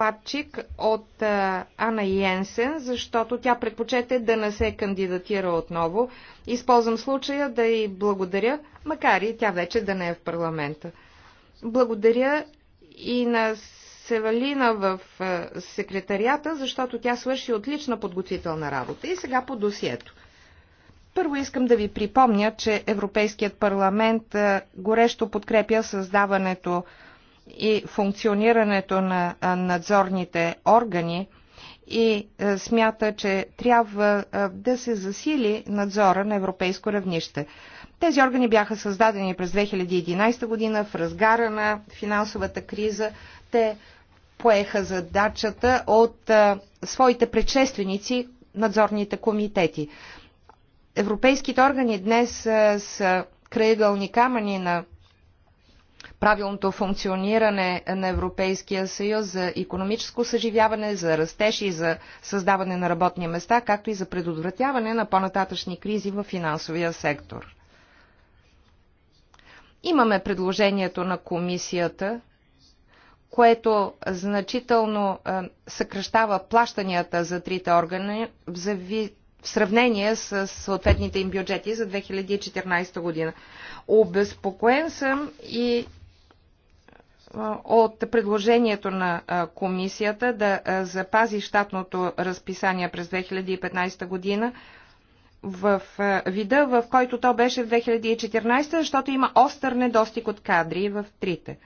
докладчик от Ана Йенсен, защото тя предпочете да не се кандидатира отново. Използвам случая да й благодаря, макар и тя вече да не е в парламента. Благодаря и на Севалина в секретарията, защото тя свърши отлична подготвителна работа. И сега по досието. Първо искам да ви припомня, че Европейският парламент горещо подкрепя създаването и функционирането на надзорните органи и е, смята, че трябва е, да се засили надзора на европейско равнище. Тези органи бяха създадени през 2011 година в разгара на финансовата криза. Те поеха задачата от а, е, своите предшественици, надзорните комитети. Европейските органи днес а, са крайъгълни камъни на правилното функциониране на Европейския съюз за економическо съживяване, за растеж и за създаване на работни места, както и за предотвратяване на по-нататъчни кризи в финансовия сектор. Имаме предложението на комисията, което значително съкръщава плащанията за трите органи в зави в сравнение с съответните им бюджети за 2014 година. Обезпокоен съм и от предложението на комисията да запази щатното разписание през 2015 година в вида, в който то беше в 2014, защото има остър недостиг от кадри в трите.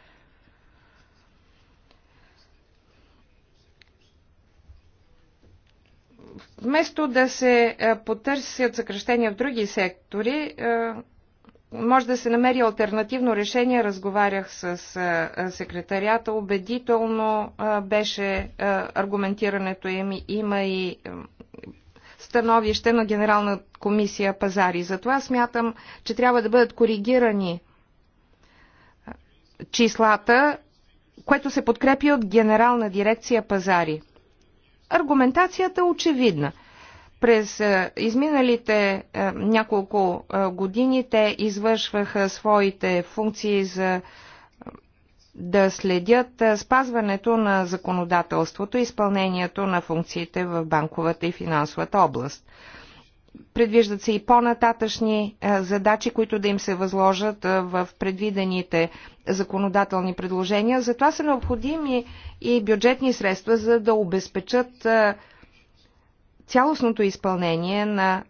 Вместо да се потърсят съкръщения в други сектори, може да се намери альтернативно решение. Разговарях с секретарята. убедително беше аргументирането им. Има и становище на Генерална комисия пазари. Затова смятам, че трябва да бъдат коригирани числата, което се подкрепи от Генерална дирекция пазари. Аргументацията е очевидна – през изминалите няколко години те извършваха своите функции за да следят спазването на законодателството и изпълнението на функциите в банковата и финансовата област. Предвиждат се и по-нататъчни задачи, които да им се възложат в предвидените законодателни предложения. Затова са необходими и бюджетни средства, за да обезпечат цялостното изпълнение на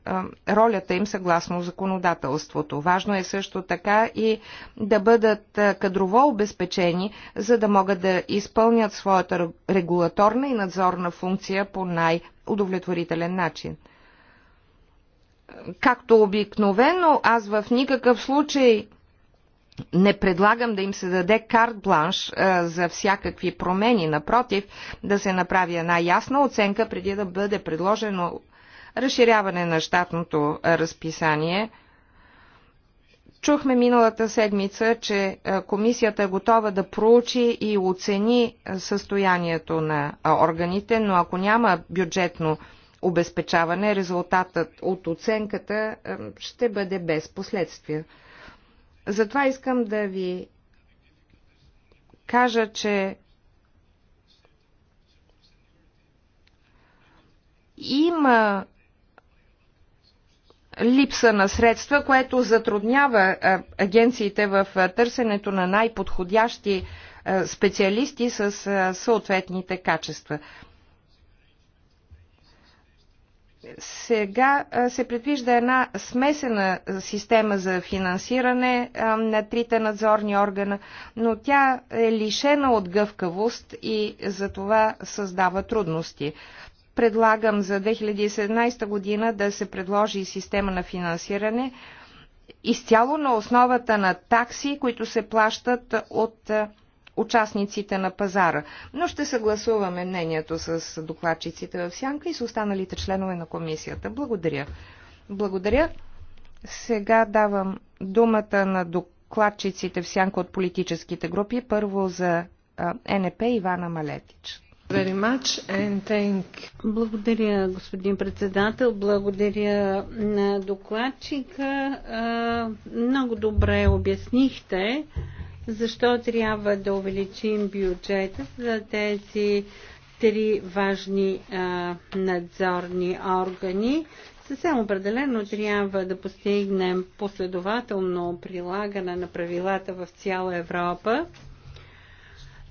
ролята им съгласно законодателството. Важно е също така и да бъдат кадрово обезпечени, за да могат да изпълнят своята регулаторна и надзорна функция по най-удовлетворителен начин. Както обикновено, аз в никакъв случай не предлагам да им се даде карт-бланш за всякакви промени. Напротив, да се направи една ясна оценка преди да бъде предложено разширяване на щатното разписание. Чухме миналата седмица, че комисията е готова да проучи и оцени състоянието на органите, но ако няма бюджетно обезпечаване, резултатът от оценката ще бъде без последствия. Затова искам да ви кажа, че има липса на средства, което затруднява агенциите в търсенето на най-подходящи специалисти с съответните качества сега се предвижда една смесена система за финансиране на трите надзорни органа, но тя е лишена от гъвкавост и за това създава трудности. Предлагам за 2017 година да се предложи система на финансиране изцяло на основата на такси, които се плащат от участниците на пазара. Но ще съгласуваме мнението с докладчиците в Сянка и с останалите членове на комисията. Благодаря. Благодаря. Сега давам думата на докладчиците в Сянка от политическите групи. Първо за НП Ивана Малетич. Благодаря, господин председател. Благодаря на докладчика. Много добре обяснихте защо трябва да увеличим бюджета за тези три важни а, надзорни органи. Съвсем определено трябва да постигнем последователно прилагане на правилата в цяла Европа.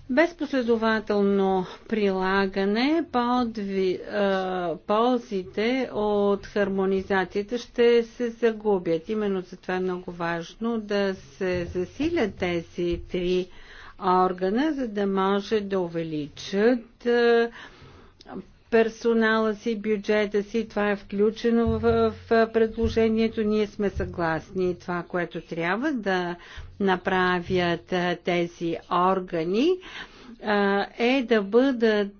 Без последователно прилагане подви, а, ползите от хармонизацията ще се загубят. Именно затова е много важно да се засилят тези три органа, за да може да увеличат а, персонала си, бюджета си. Това е включено в предложението. Ние сме съгласни. Това, което трябва да направят тези органи, е да бъдат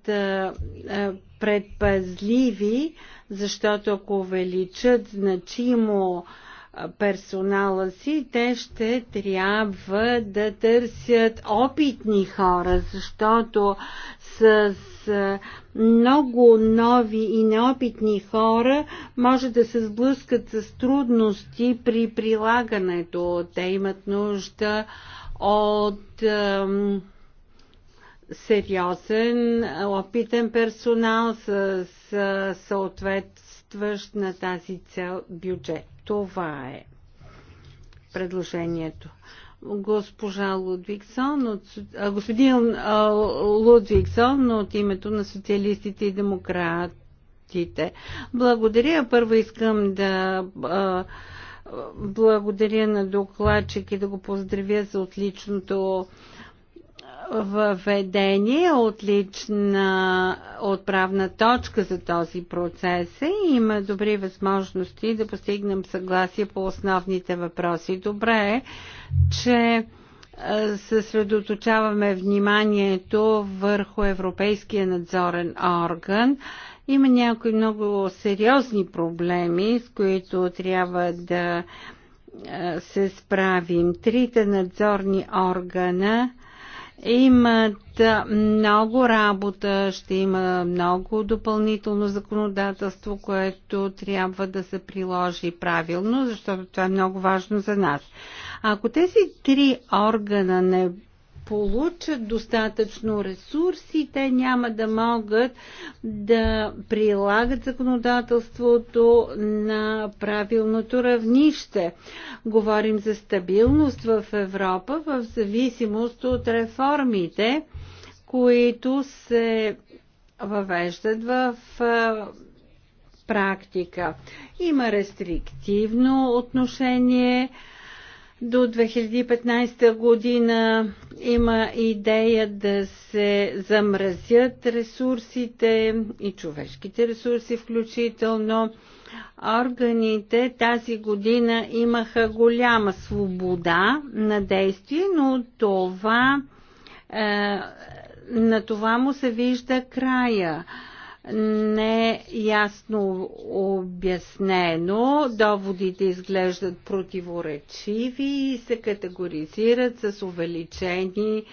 предпазливи, защото ако увеличат значимо персонала си, те ще трябва да търсят опитни хора, защото с много нови и неопитни хора може да се сблъскат с трудности при прилагането. Те имат нужда от ем, сериозен, опитен персонал с съответстващ на тази цел бюджет. Това е предложението. Госпожа Лудвиксон от, а, господин а, Лудвиксон от името на социалистите и демократите. Благодаря. Първо искам да а, благодаря на докладчик и да го поздравя за отличното въведение, лична отправна точка за този процес е и има добри възможности да постигнем съгласие по основните въпроси. Добре е, че съсредоточаваме вниманието върху Европейския надзорен орган. Има някои много сериозни проблеми, с които трябва да се справим. Трите надзорни органа имат много работа, ще има много допълнително законодателство, което трябва да се приложи правилно, защото това е много важно за нас. Ако тези три органа не получат достатъчно ресурси, те няма да могат да прилагат законодателството на правилното равнище. Говорим за стабилност в Европа в зависимост от реформите, които се въвеждат в практика. Има рестриктивно отношение до 2015 година има идея да се замразят ресурсите и човешките ресурси включително. Органите тази година имаха голяма свобода на действие, но това, е, на това му се вижда края. Е, не е ясно обяснено. Доводите изглеждат противоречиви и се категоризират с увеличени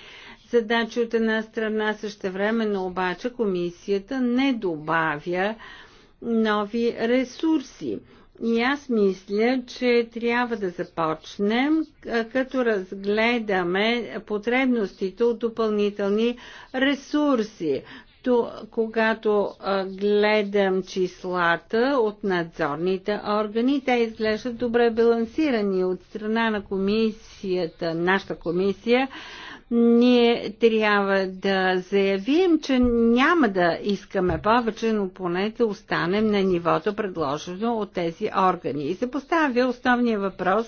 задачи от една страна. Същевременно обаче комисията не добавя нови ресурси. И аз мисля, че трябва да започнем, като разгледаме потребностите от допълнителни ресурси то, когато а, гледам числата от надзорните органи, те изглеждат добре балансирани от страна на комисията, нашата комисия. Ние трябва да заявим, че няма да искаме повече, но поне да останем на нивото предложено от тези органи. И се поставя основния въпрос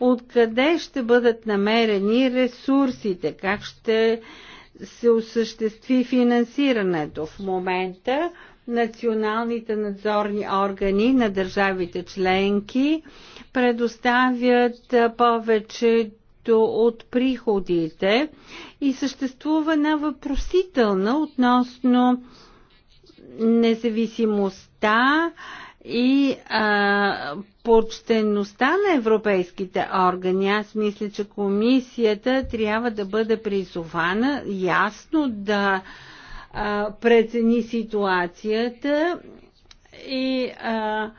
откъде ще бъдат намерени ресурсите, как ще се осъществи финансирането. В момента националните надзорни органи на държавите членки предоставят повече от приходите и съществува една въпросителна относно независимостта и а, почтенността на европейските органи. Аз мисля, че комисията трябва да бъде призована ясно да а, прецени ситуацията и а,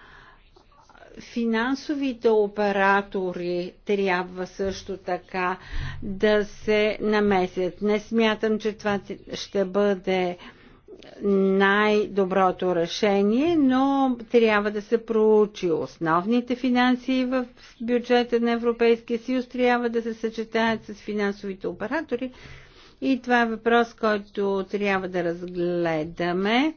финансовите оператори трябва също така да се намесят. Не смятам, че това ще бъде а, най-доброто решение, но трябва да се проучи основните финанси в бюджета на Европейския съюз, трябва да се съчетаят с финансовите оператори и това е въпрос, който трябва да разгледаме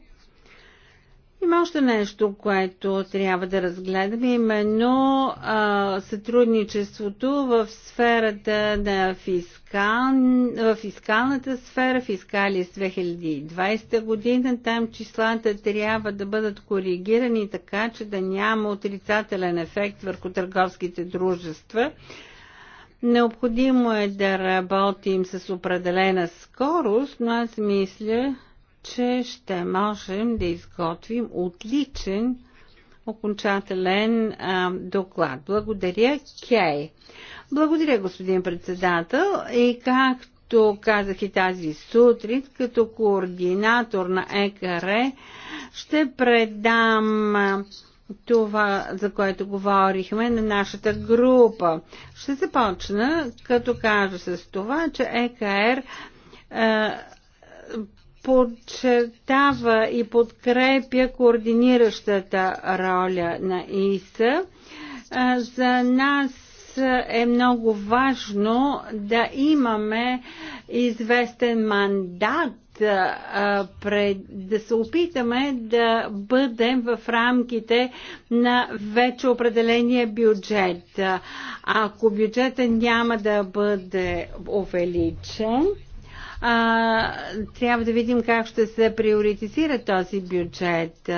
има още нещо, което трябва да разгледаме, именно а, сътрудничеството в сферата на фискал, в фискалната сфера, фискали с 2020 година. Там числата трябва да бъдат коригирани така, че да няма отрицателен ефект върху търговските дружества. Необходимо е да работим с определена скорост, но аз мисля, че ще можем да изготвим отличен окончателен а, доклад. Благодаря, Кей. Благодаря, господин председател. И както казах и тази сутрин, като координатор на ЕКР, ще предам това, за което говорихме на нашата група. Ще започна, като кажа с това, че ЕКР а, подчертава и подкрепя координиращата роля на ИСА. За нас е много важно да имаме известен мандат да се опитаме да бъдем в рамките на вече определения бюджет. Ако бюджета няма да бъде увеличен, а, трябва да видим как ще се приоритизира този бюджет.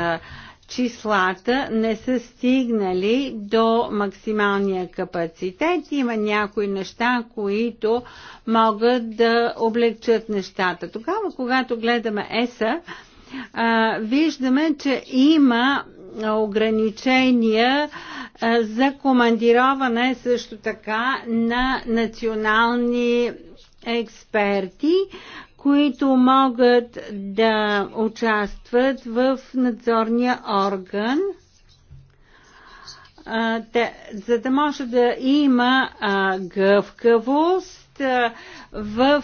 Числата не са стигнали до максималния капацитет. Има някои неща, които могат да облегчат нещата. Тогава, когато гледаме ЕСА, а, виждаме, че има ограничения а, за командироване също така на национални експерти, които могат да участват в надзорния орган, за да може да има гъвкавост в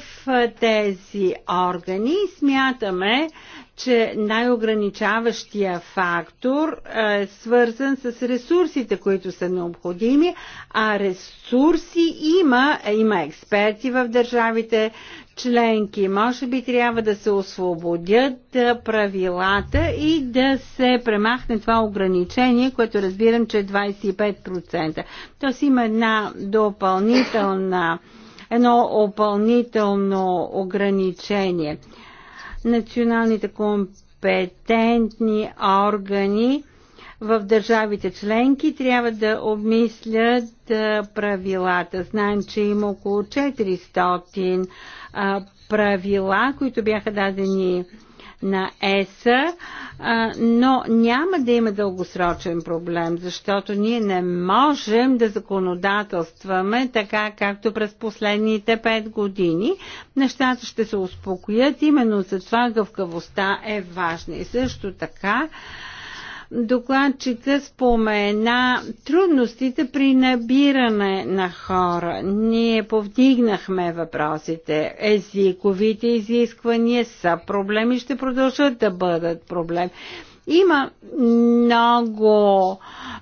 тези органи. Смятаме, че най-ограничаващия фактор е свързан с ресурсите, които са необходими, а ресурси има, е, има експерти в държавите членки. Може би трябва да се освободят е, правилата и да се премахне това ограничение, което разбирам, че е 25%. Тоест има една допълнителна едно опълнително ограничение националните компетентни органи в държавите членки трябва да обмислят правилата. Знаем, че има около 400 правила, които бяха дадени на ЕСА, но няма да има дългосрочен проблем, защото ние не можем да законодателстваме така, както през последните 5 години. Нещата ще се успокоят, именно за това гъвкавостта е важна. И също така, Докладчика спомена трудностите при набиране на хора. Ние повдигнахме въпросите. Езиковите изисквания са проблеми, ще продължат да бъдат проблем. Има много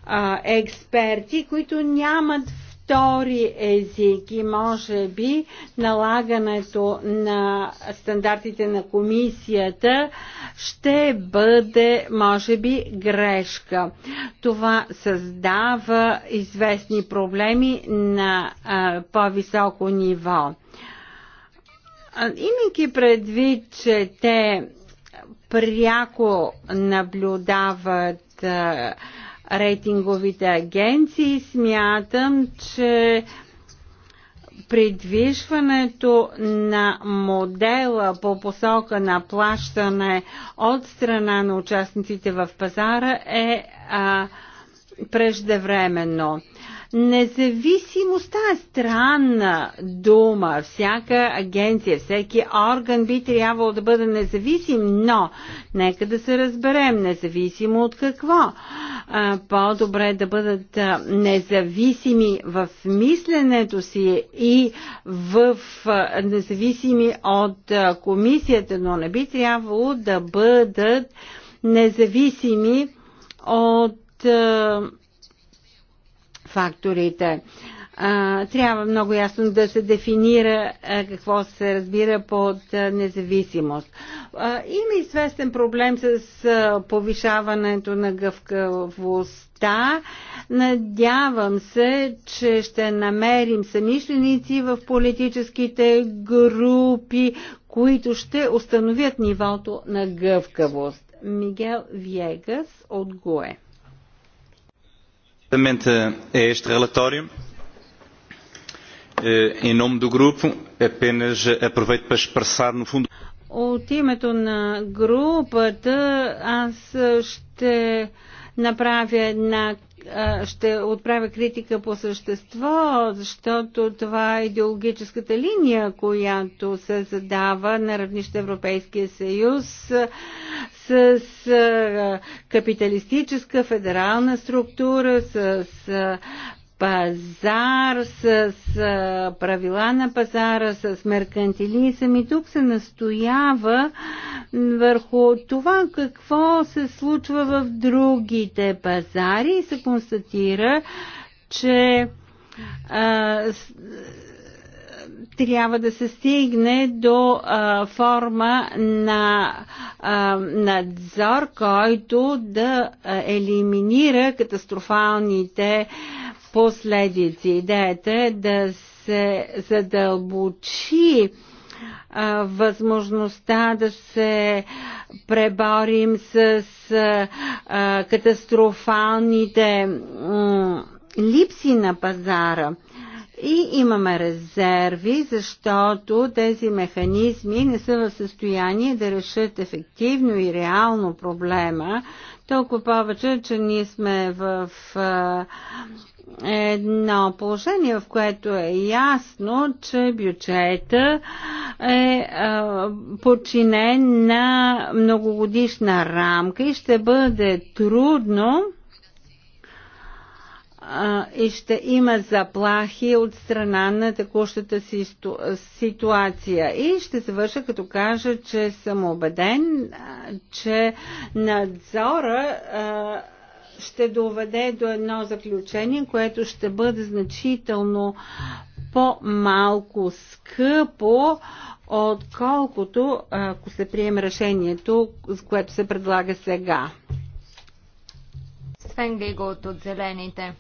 а, експерти, които нямат втори език и може би налагането на стандартите на комисията ще бъде, може би, грешка. Това създава известни проблеми на по-високо ниво. Имайки предвид, че те пряко наблюдават рейтинговите агенции. Смятам, че придвижването на модела по посока на плащане от страна на участниците в пазара е а, преждевременно. А, Независимостта е странна дума. Всяка агенция, всеки орган би трябвало да бъде независим, но нека да се разберем, независимо от какво. По-добре да бъдат независими в мисленето си и в независими от комисията, но не би трябвало да бъдат независими от факторите. Трябва много ясно да се дефинира какво се разбира под независимост. Има известен проблем с повишаването на гъвкавостта. Надявам се, че ще намерим самишленици в политическите групи, които ще установят нивото на гъвкавост. Мигел Виегас от Гое. Exatamente a este relatório. Em nome do grupo, apenas aproveito para expressar, no fundo. От името на групата аз ще направя една ще отправя критика по същество, защото това е идеологическата линия, която се задава на равнище Европейския съюз с капиталистическа федерална структура, с пазар, с, с правила на пазара, с меркантилизъм и тук се настоява върху това какво се случва в другите пазари и се констатира, че а, с, трябва да се стигне до а, форма на а, надзор, който да елиминира катастрофалните а, последици. Идеята е да се задълбочи възможността да се преборим с а, катастрофалните липси на пазара. И имаме резерви, защото тези механизми не са в състояние да решат ефективно и реално проблема, толкова повече, че ние сме в едно положение, в което е ясно, че бюджета е подчинен на многогодишна рамка и ще бъде трудно и ще има заплахи от страна на текущата си ситуация. И ще завърша като кажа, че съм убеден, че надзора ще доведе до едно заключение, което ще бъде значително по-малко скъпо, отколкото ако се приеме решението, което се предлага сега. Свен Гигот от Зелените.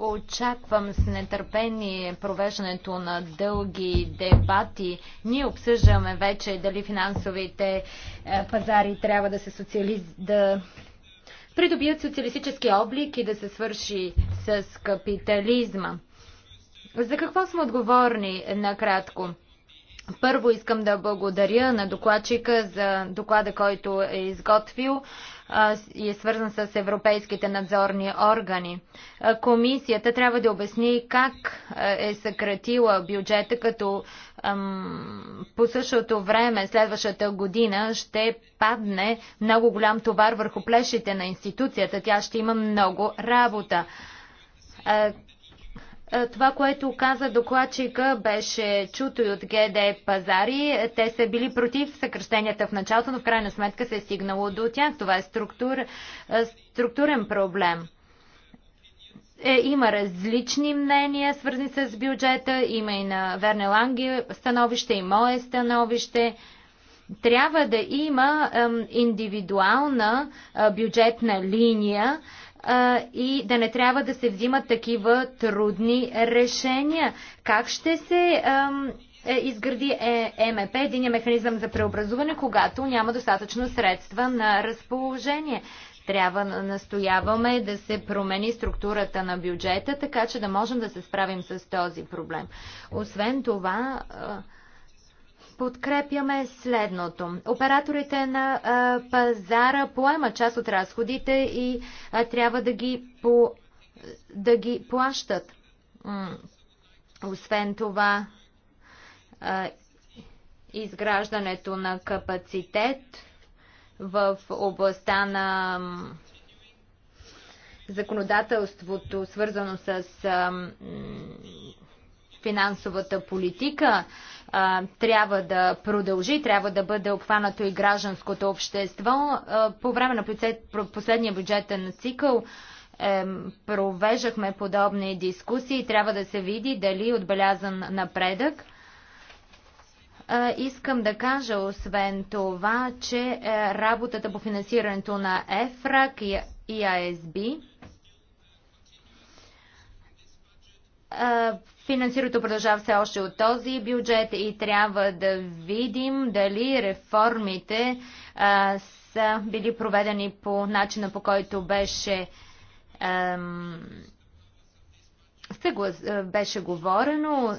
Очаквам с нетърпение провеждането на дълги дебати. Ние обсъждаме вече дали финансовите е, пазари трябва да се социализ... да придобият социалистически облик и да се свърши с капитализма. За какво сме отговорни накратко? Първо искам да благодаря на докладчика за доклада, който е изготвил и е свързан с европейските надзорни органи. Комисията трябва да обясни как е съкратила бюджета, като по същото време следващата година ще падне много голям товар върху плешите на институцията. Тя ще има много работа е, това, което каза докладчика, беше чуто и от ГД пазари. Те са били против съкръщенията в началото, но в крайна сметка се е стигнало до тях. Това е структур, е, структурен проблем. Е, има различни мнения, свързани с бюджета. Има и на Верне Ланги становище, и мое становище. Трябва да има индивидуална е, бюджетна линия, а, и да не трябва да се взимат такива трудни решения. Как ще се а, е, изгради ЕМП, един механизъм за преобразуване, когато няма достатъчно средства на разположение? Трябва да настояваме да се промени структурата на бюджета, така че да можем да се справим с този проблем. Освен това, а, подкрепяме следното. Операторите на а, пазара поемат част от разходите и а, трябва да ги, по, да ги плащат. Освен това, а, изграждането на капацитет в областта на законодателството, свързано с финансовата политика, а, трябва да продължи, трябва да бъде обхванато и гражданското общество. А, по време на последния бюджетен цикъл е, провеждахме подобни дискусии. Трябва да се види дали е отбелязан напредък. Искам да кажа, освен това, че е, работата по финансирането на ЕФРАК и АСБ Финансирането продължава все още от този бюджет и трябва да видим дали реформите а, са били проведени по начина по който беше ам, съглас, беше говорено.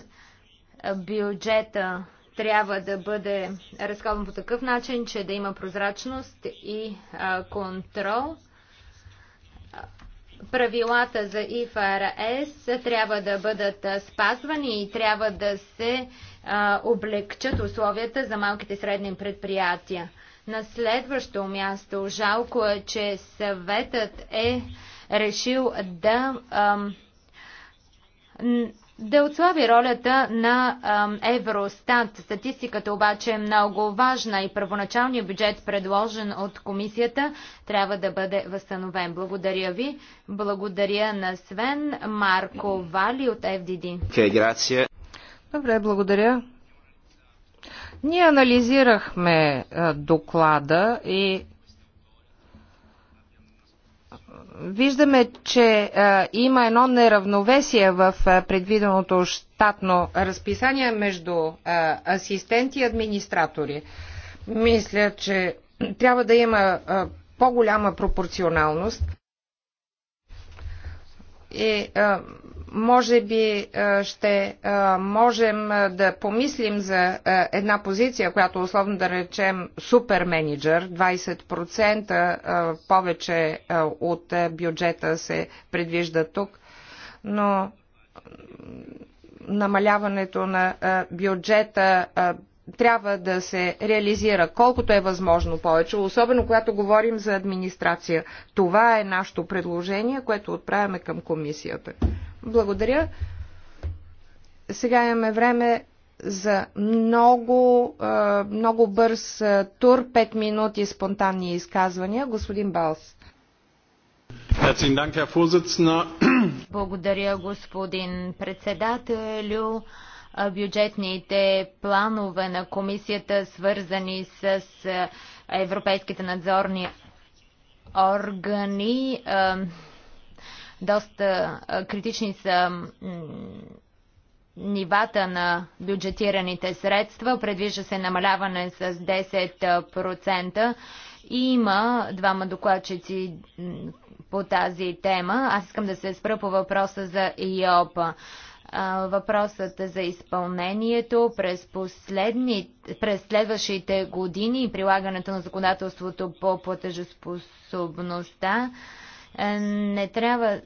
Бюджета трябва да бъде разходен по такъв начин, че да има прозрачност и а, контрол правилата за ИФРС трябва да бъдат спазвани и трябва да се облегчат условията за малките и средни предприятия. На следващо място, жалко е, че съветът е решил да да отслаби ролята на Евростат. Статистиката обаче е много важна и първоначалният бюджет, предложен от комисията, трябва да бъде възстановен. Благодаря ви. Благодаря на Свен Марко Вали от FDD. Okay, Добре, благодаря. Ние анализирахме доклада и виждаме, че а, има едно неравновесие в а, предвиденото щатно разписание между а, асистенти и администратори. Мисля, че трябва да има а, по-голяма пропорционалност. И е, може би е, ще е, можем да помислим за една позиция, която условно да речем супер менеджер, 20% повече от бюджета се предвижда тук, но намаляването на бюджета трябва да се реализира колкото е възможно повече, особено когато говорим за администрация. Това е нашето предложение, което отправяме към комисията. Благодаря. Сега имаме време за много, много бърз тур, 5 минути спонтанни изказвания. Господин Балс. Благодаря, господин председателю бюджетните планове на комисията, свързани с европейските надзорни органи. Доста критични са нивата на бюджетираните средства. Предвижда се намаляване с 10%. И има двама докладчици по тази тема. Аз искам да се спра по въпроса за ИОПа. Въпросът за изпълнението през, последни, през следващите години и прилагането на законодателството по платежоспособността е, не трябва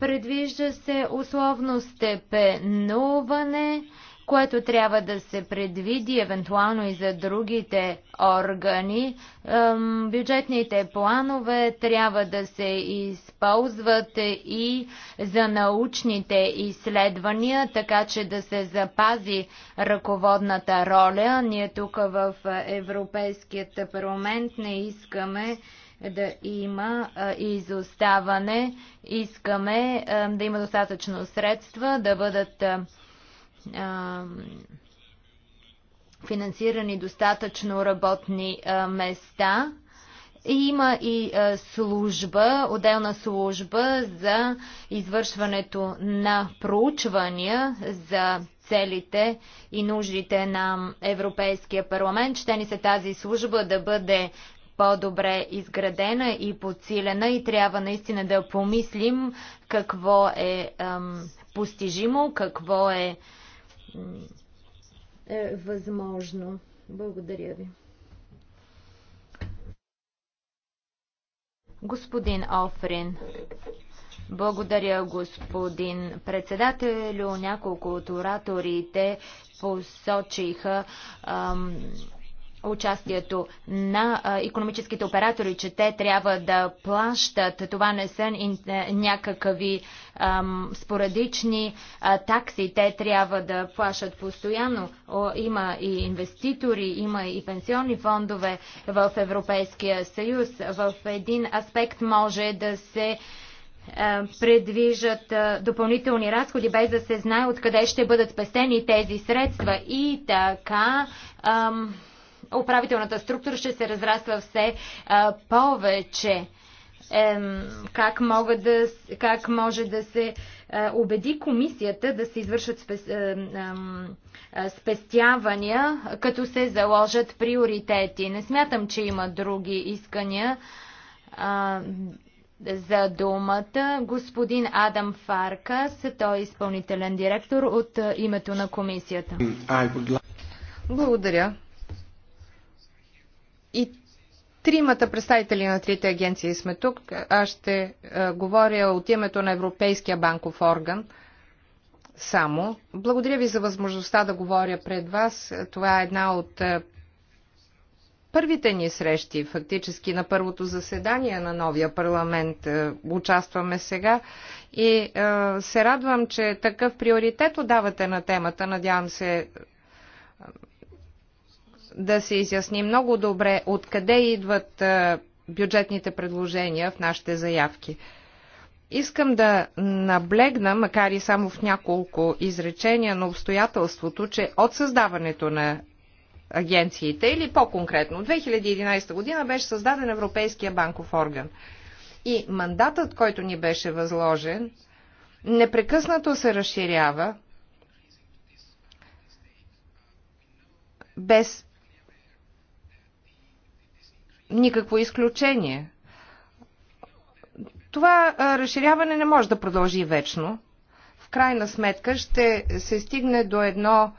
Предвижда се условно степенуване което трябва да се предвиди евентуално и за другите органи. Бюджетните планове трябва да се използват и за научните изследвания, така че да се запази ръководната роля. Ние тук в Европейският парламент не искаме да има изоставане. Искаме да има достатъчно средства да бъдат а, финансирани достатъчно работни а, места. Има и а, служба, отделна служба за извършването на проучвания за целите и нуждите на Европейския парламент. Ще ни се тази служба да бъде по-добре изградена и подсилена и трябва наистина да помислим какво е ам, постижимо, какво е е възможно. Благодаря ви. Господин Офрин. Благодаря, господин председателю. Няколко от ораторите посочиха ам, участието на економическите оператори, че те трябва да плащат. Това не са е, някакви спорадични такси. Те трябва да плащат постоянно. има и инвеститори, има и пенсионни фондове в Европейския съюз. В един аспект може да се предвижат допълнителни разходи, без да се знае откъде ще бъдат спестени тези средства. И така ам, управителната структура ще се разраства все а, повече. Ем, как, мога да, как може да се е, убеди комисията да се извършат спес, е, е, спестявания, като се заложат приоритети? Не смятам, че има други искания за думата. Господин Адам Фаркас, той е изпълнителен директор от името на комисията. Благодаря. И тримата представители на трите агенции сме тук. Аз ще е, говоря от името на Европейския банков орган само. Благодаря ви за възможността да говоря пред вас. Това е една от е, първите ни срещи, фактически на първото заседание на новия парламент е, участваме сега и се радвам, че такъв приоритет отдавате на темата. Надявам се да се изясни много добре откъде идват бюджетните предложения в нашите заявки. Искам да наблегна, макар и само в няколко изречения, на обстоятелството, че от създаването на агенциите, или по-конкретно, 2011 година беше създаден Европейския банков орган. И мандатът, който ни беше възложен, непрекъснато се разширява без никакво изключение. Това разширяване не може да продължи вечно. В крайна сметка ще се стигне до едно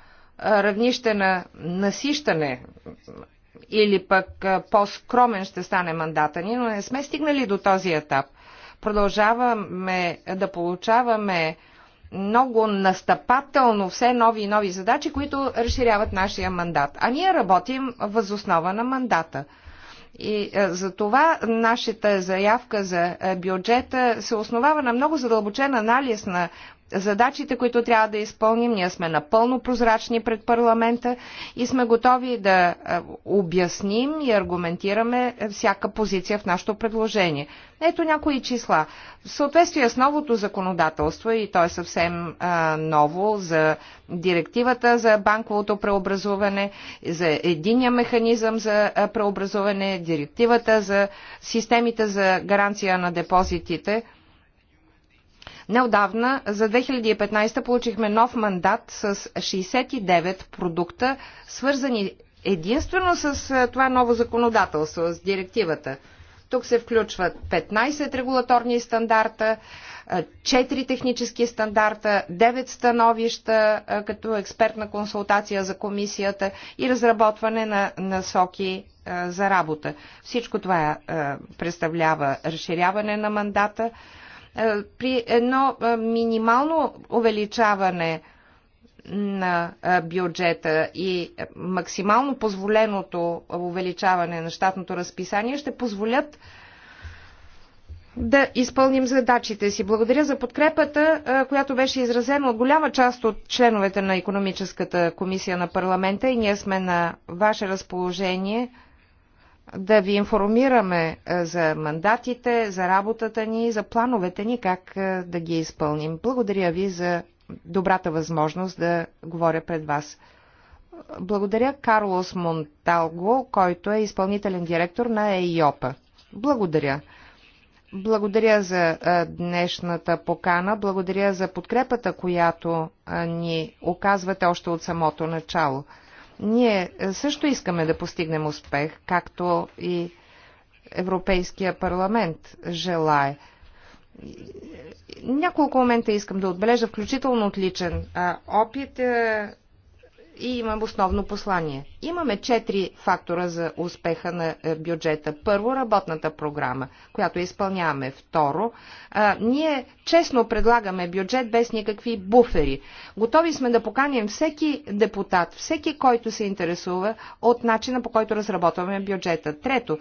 равнище на насищане или пък по-скромен ще стане мандата ни, но не сме стигнали до този етап. Продължаваме да получаваме много настъпателно все нови и нови задачи, които разширяват нашия мандат. А ние работим възоснова на мандата. И е, за това нашата заявка за е, бюджета се основава на много задълбочен анализ на задачите, които трябва да изпълним. Ние сме напълно прозрачни пред парламента и сме готови да е, обясним и аргументираме всяка позиция в нашето предложение. Ето някои числа. В съответствие с новото законодателство, и то е съвсем а, е, ново, за директивата за банковото преобразуване, за единия механизъм за е, преобразуване, директивата за системите за гаранция на депозитите – Неодавна за 2015 получихме нов мандат с 69 продукта, свързани единствено с това ново законодателство, с директивата. Тук се включват 15 регулаторни стандарта, 4 технически стандарта, 9 становища като експертна консултация за комисията и разработване на насоки за работа. Всичко това представлява разширяване на мандата, е, при едно е, минимално увеличаване на е, бюджета и максимално позволеното увеличаване на щатното разписание ще позволят да изпълним задачите си. Благодаря за подкрепата, която беше изразена от голяма част от членовете на економическата комисия на парламента и ние сме на ваше разположение да ви информираме е, за мандатите, за работата ни, за плановете ни, как е, да ги изпълним. Благодаря ви за добрата възможност да говоря пред вас. Благодаря Карлос Монталго, който е изпълнителен директор на ЕИОПА. Благодаря. Благодаря за е, днешната покана, благодаря за подкрепата, която ни оказвате още от самото начало. Ние е, също искаме да постигнем успех, както и Европейския парламент желае. Няколко момента искам да отбележа, включително отличен опит е, и имам основно послание. Имаме четири фактора за успеха на е, бюджета. Първо, работната програма, която изпълняваме. Второ, а, ние честно предлагаме бюджет без никакви буфери. Готови сме да поканим всеки депутат, всеки, който се интересува от начина по който разработваме бюджета. Трето,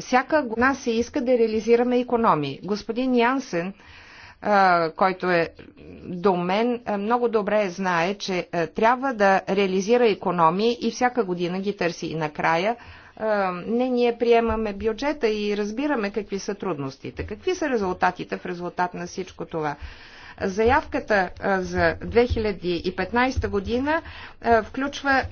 всяка година се иска да реализираме економии. Господин Янсен който е до мен, много добре знае, че трябва да реализира економии и всяка година ги търси. И накрая не ние приемаме бюджета и разбираме какви са трудностите. Какви са резултатите в резултат на всичко това? Заявката за 2015 година включва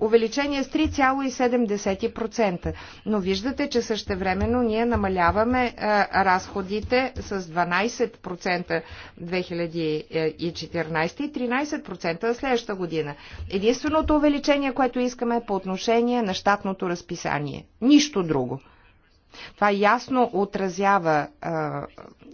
увеличение с 3,7%. Но виждате, че същевременно ние намаляваме разходите с 12% 2014 и 13% следващата година. Единственото увеличение, което искаме е по отношение на щатното разписание. Нищо друго. Това ясно отразява а,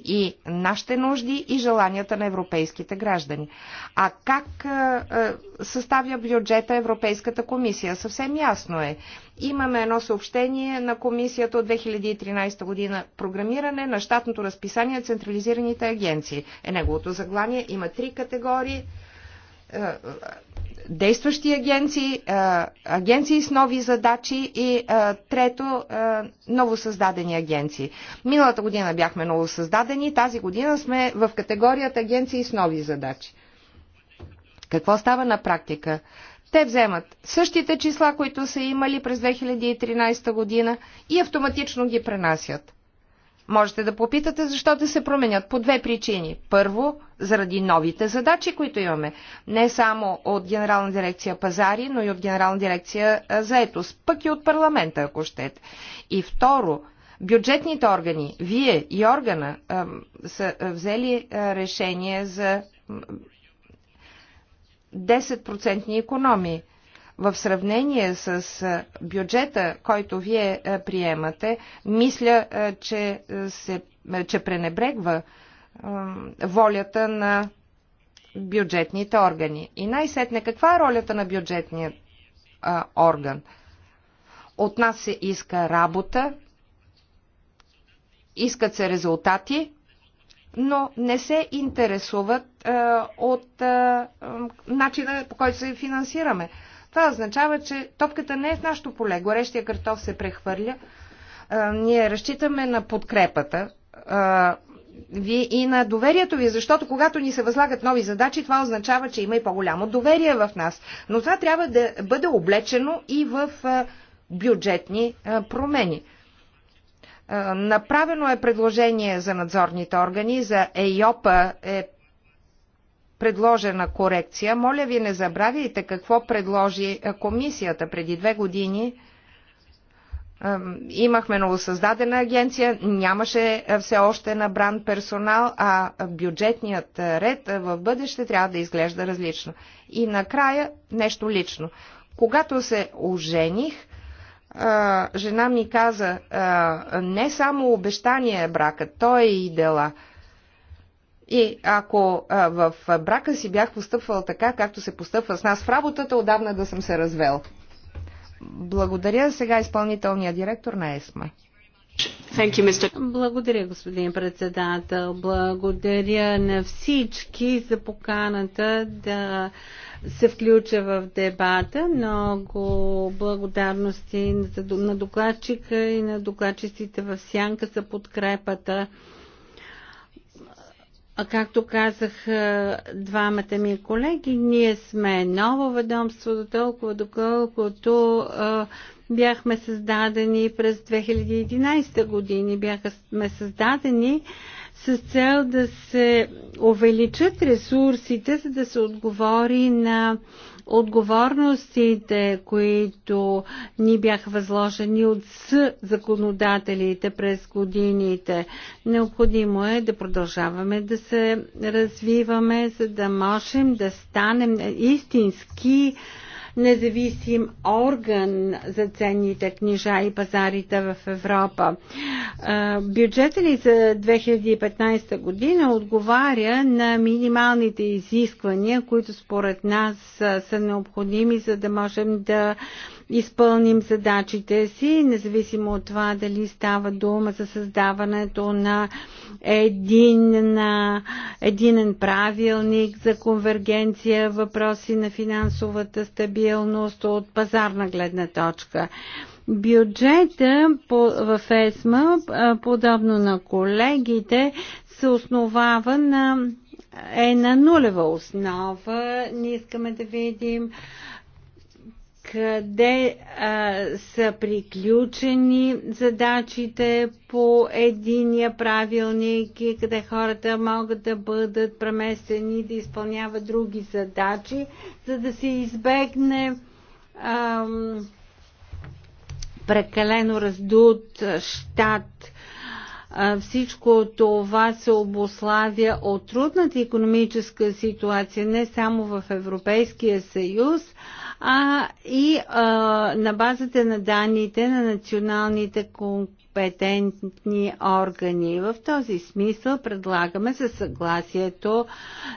и нашите нужди и желанията на европейските граждани. А как а, а, съставя бюджета Европейската комисия? Съвсем ясно е. Имаме едно съобщение на комисията от 2013 година. Програмиране на щатното разписание на централизираните агенции. Е неговото заглавие. Има три категории е, действащи агенции, агенции с нови задачи и трето новосъздадени агенции. Миналата година бяхме новосъздадени, тази година сме в категорията агенции с нови задачи. Какво става на практика? Те вземат същите числа, които са имали през 2013 година и автоматично ги пренасят. Можете да попитате защо да се променят по две причини. Първо, заради новите задачи, които имаме. Не само от Генерална дирекция пазари, но и от Генерална дирекция заетост, пък и от парламента, ако щете. И второ, бюджетните органи, вие и органа са взели решение за 10% економии. В сравнение с бюджета, който вие приемате, мисля, че, се, че пренебрегва волята на бюджетните органи. И най-сетне, каква е ролята на бюджетния орган? От нас се иска работа, искат се резултати, но не се интересуват а, от а, начина по който се финансираме. Това означава, че топката не е в нашото поле. Горещия картоф се прехвърля. А, ние разчитаме на подкрепата а, ви и на доверието ви, защото когато ни се възлагат нови задачи, това означава, че има и по-голямо доверие в нас. Но това трябва да бъде облечено и в а, бюджетни а, промени. Направено е предложение за надзорните органи, за ЕЙОПА е предложена корекция. Моля ви, не забравяйте какво предложи е, комисията преди две години. Имахме новосъздадена агенция, нямаше е, все още набран персонал, а бюджетният ред е, в бъдеще трябва да изглежда различно. И накрая нещо лично. Когато се ожених, жена ми каза, не само обещание е бракът, то е и дела – и ако а, в брака си бях постъпвал така, както се постъпва с нас в работата, отдавна да съм се развел. Благодаря сега изпълнителния директор на ЕСМА. You, Благодаря, господин председател. Благодаря на всички за поканата да се включа в дебата. Много благодарности на докладчика и на докладчиците в Сянка за подкрепата Както казах двамата ми колеги, ние сме ново ведомство до толкова, доколкото бяхме създадени през 2011 години. Бяхме създадени с цел да се увеличат ресурсите, за да се отговори на отговорностите, които ни бяха възложени от законодателите през годините. Необходимо е да продължаваме да се развиваме, за да можем да станем истински независим орган за ценните книжа и пазарите в Европа. Бюджета ли за 2015 година отговаря на минималните изисквания, които според нас са необходими, за да можем да изпълним задачите си, независимо от това дали става дума за създаването на един, на единен правилник за конвергенция, въпроси на финансовата стабилност от пазарна гледна точка. Бюджета в ЕСМА, подобно на колегите, се основава на е на нулева основа. Ние искаме да видим къде а, са приключени задачите по единия правилник и къде хората могат да бъдат преместени да изпълняват други задачи, за да се избегне а, прекалено раздут щат. Всичко това се обославя от трудната економическа ситуация не само в Европейския съюз, а и а, на базата на данните на националните компетентни органи. В този смисъл предлагаме със съгласието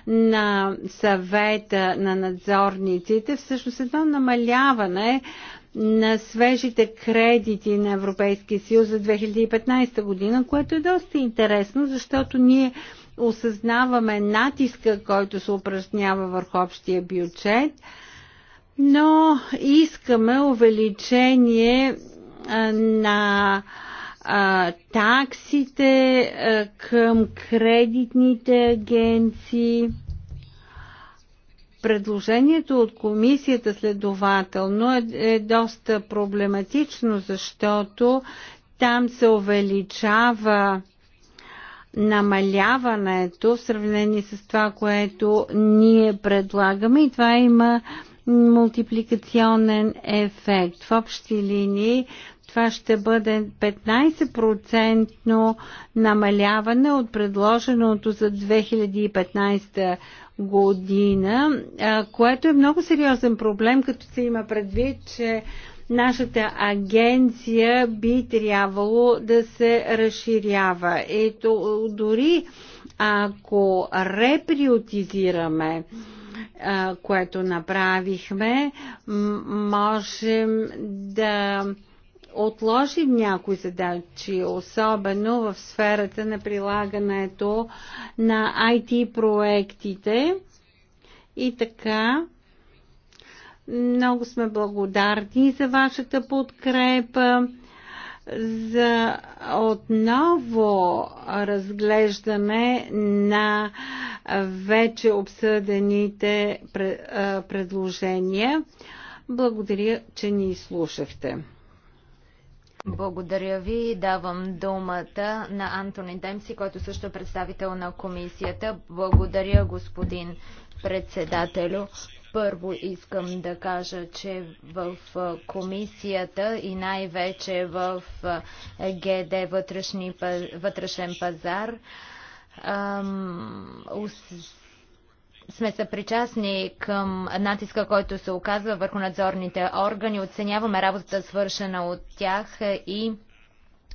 на съвета на надзорниците всъщност едно намаляване на свежите кредити на Европейския съюз за 2015 година, което е доста интересно, защото ние осъзнаваме натиска, който се упражнява върху общия бюджет но искаме увеличение на таксите към кредитните агенции. Предложението от комисията следователно е, е доста проблематично, защото там се увеличава намаляването в сравнение с това, което ние предлагаме и това има а, мултипликационен ефект. В общи линии това ще бъде 15% намаляване от предложеното за 2015 година, което е много сериозен проблем, като се има предвид, че нашата агенция би трябвало да се разширява. Ето, дори ако реприотизираме, което направихме, можем да отложим някои задачи, особено в сферата на прилагането на IT проектите. И така, много сме благодарни за вашата подкрепа за отново разглеждаме на вече обсъдените предложения. Благодаря, че ни слушахте. Благодаря ви. Давам думата на Антони Демси, който също е представител на комисията. Благодаря, господин председателю. Първо искам да кажа, че в комисията и най-вече в ГД вътрешни, вътрешен пазар ам, сме съпричастни към натиска, който се оказва върху надзорните органи. Оценяваме работата свършена от тях и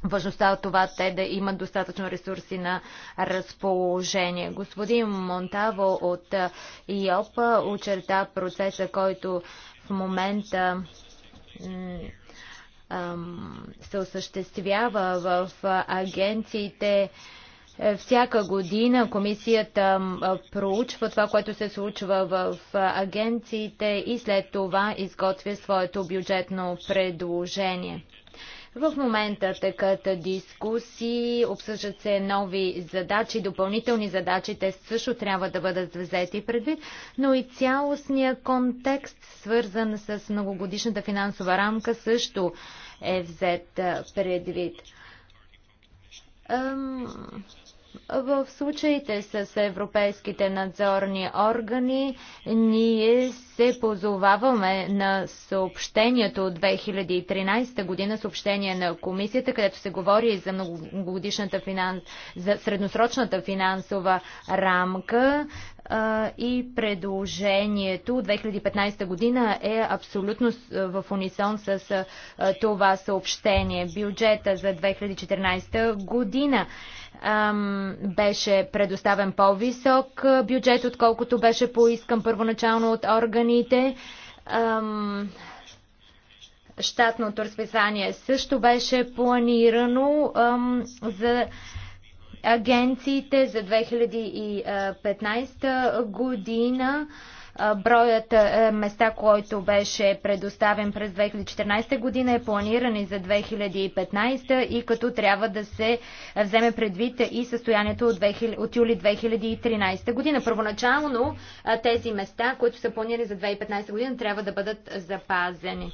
важността от това те да имат достатъчно ресурси на разположение. Господин Монтаво от ИОП очерта процеса, който в момента се осъществява в агенциите. Е, всяка година комисията проучва това, което се случва в агенциите и след това изготвя своето бюджетно предложение. В момента тъкат дискусии, обсъждат се нови задачи, допълнителни задачи, те също трябва да бъдат взети предвид, но и цялостния контекст, свързан с многогодишната финансова рамка, също е взет предвид. В случаите с европейските надзорни органи ние се позоваваме на съобщението от 2013 година, съобщение на комисията, където се говори и за многогодишната финанс... за средносрочната финансова рамка и предложението 2015 година е абсолютно в унисон с това съобщение. Бюджета за 2014 година беше предоставен по-висок бюджет, отколкото беше поискан първоначално от органите. Штатното разписание също беше планирано за агенциите за 2015 година. Броят места, който беше предоставен през 2014 година е планиран и за 2015 и като трябва да се вземе предвид и състоянието от, 2000, от юли 2013 година. Първоначално тези места, които са планирани за 2015 година, трябва да бъдат запазени.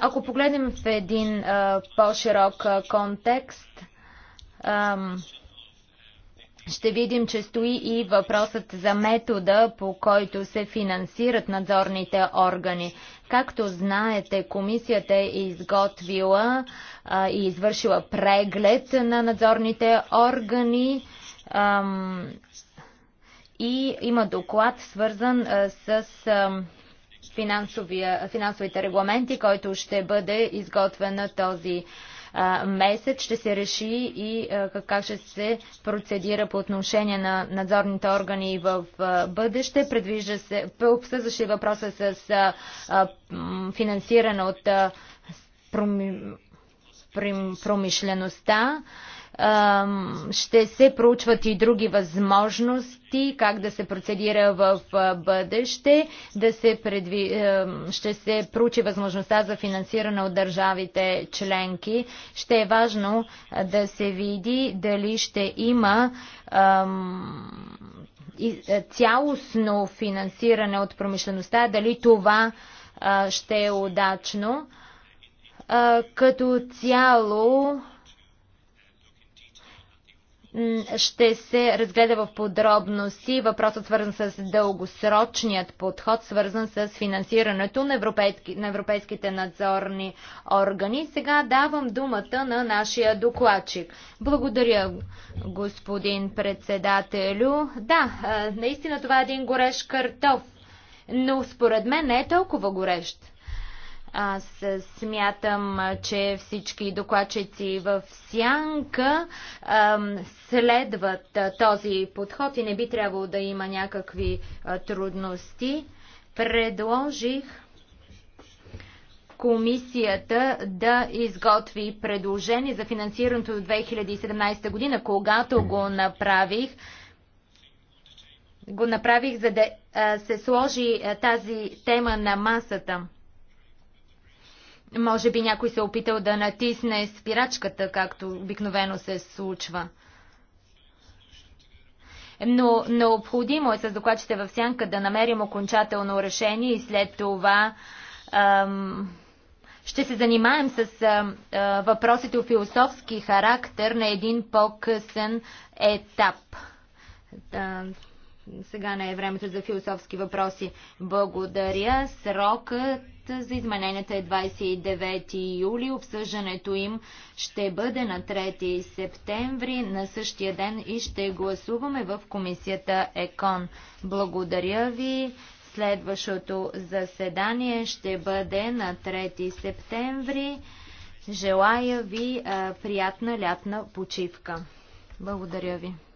Ако погледнем в един по-широк контекст, ще видим, че стои и въпросът за метода, по който се финансират надзорните органи. Както знаете, комисията е изготвила и извършила преглед на надзорните органи и има доклад свързан с финансовите регламенти, който ще бъде изготвен на този месец ще се реши и как ще се процедира по отношение на надзорните органи в бъдеще. Предвижда се, обсъждаше въпроса с финансиране от промишлеността. Ще се проучват и други възможности, как да се процедира в бъдеще, да се предви... ще се проучи възможността за финансиране от държавите членки. Ще е важно да се види дали ще има цялостно финансиране от промишлеността, дали това ще е удачно. Като цяло, ще се разгледа в подробности въпросът свързан с дългосрочният подход, свързан с финансирането на, европейски, на европейските надзорни органи. Сега давам думата на нашия докладчик. Благодаря, господин председателю. Да, наистина това е един горещ картоф, но според мен не е толкова горещ. Аз смятам, че всички докладчици в сянка следват този подход и не би трябвало да има някакви трудности. Предложих комисията да изготви предложение за финансирането от 2017 година. Когато го направих, го направих, за да се сложи тази тема на масата. Може би някой се е опитал да натисне спирачката, както обикновено се случва. Но необходимо е с докладчите в сянка да намерим окончателно решение и след това ам, ще се занимаем с ам, а, въпросите о философски характер на един по-късен етап. Да, сега не е времето за философски въпроси. Благодаря. Срокът за измененията е 29 юли. Обсъждането им ще бъде на 3 септември на същия ден и ще гласуваме в комисията ЕКОН. Благодаря ви. Следващото заседание ще бъде на 3 септември. Желая ви а, приятна лятна почивка. Благодаря ви.